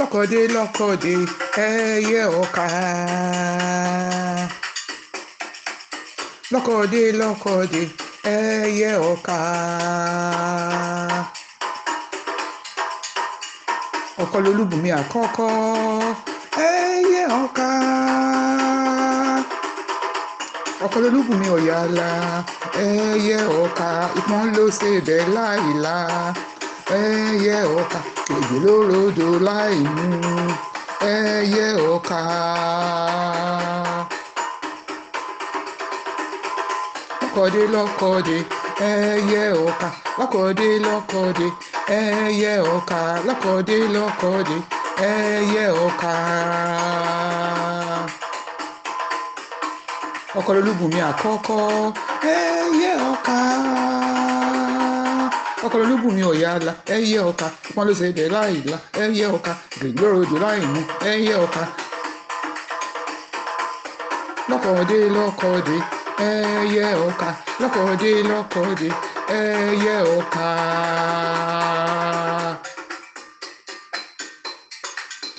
lọ́kọ̀dé lọ́kọ̀dé ẹyẹ ọ̀ka. lọ́kọ̀dé lọ́kọ̀dé ẹyẹ ọ̀ka. ọkọ lolúbùnmi àkọ́kọ́ ẹyẹ ọ̀ka. ọkọ lolúbùnmi ọ̀yàlà ẹyẹ ọ̀ka ìpọ́n ló ṣe bẹ́ẹ̀ láìla ẹyẹ ọ̀ka ejò ló ròdò láì mú ẹyẹ ọ̀ka. lọ́kọ̀dé lọ́kọ̀dé ẹyẹ ọ̀ka lọ́kọ̀dé lọ́kọ̀dé ẹyẹ ọ̀ka lọ́kọ̀dé lọ́kọ̀dé ẹyẹ ọ̀ka. ọkọ̀ lolúbùnmi àkọ́kọ́ ẹyẹ ọ̀ka ọkọ̀ olúbù mi ò yá la ẹyẹ ọ̀ka wọn ló ṣe é dé láì la ẹyẹ ọ̀ka gbèngbèrò odò láì mú ẹyẹ ọ̀ka lọ́kọ̀ọ́dé lọ́kọ̀ọ́dé ẹyẹ ọ̀ka lọ́kọ̀ọ́dé lọ́kọ̀ọ́dé ẹyẹ ọ̀ka.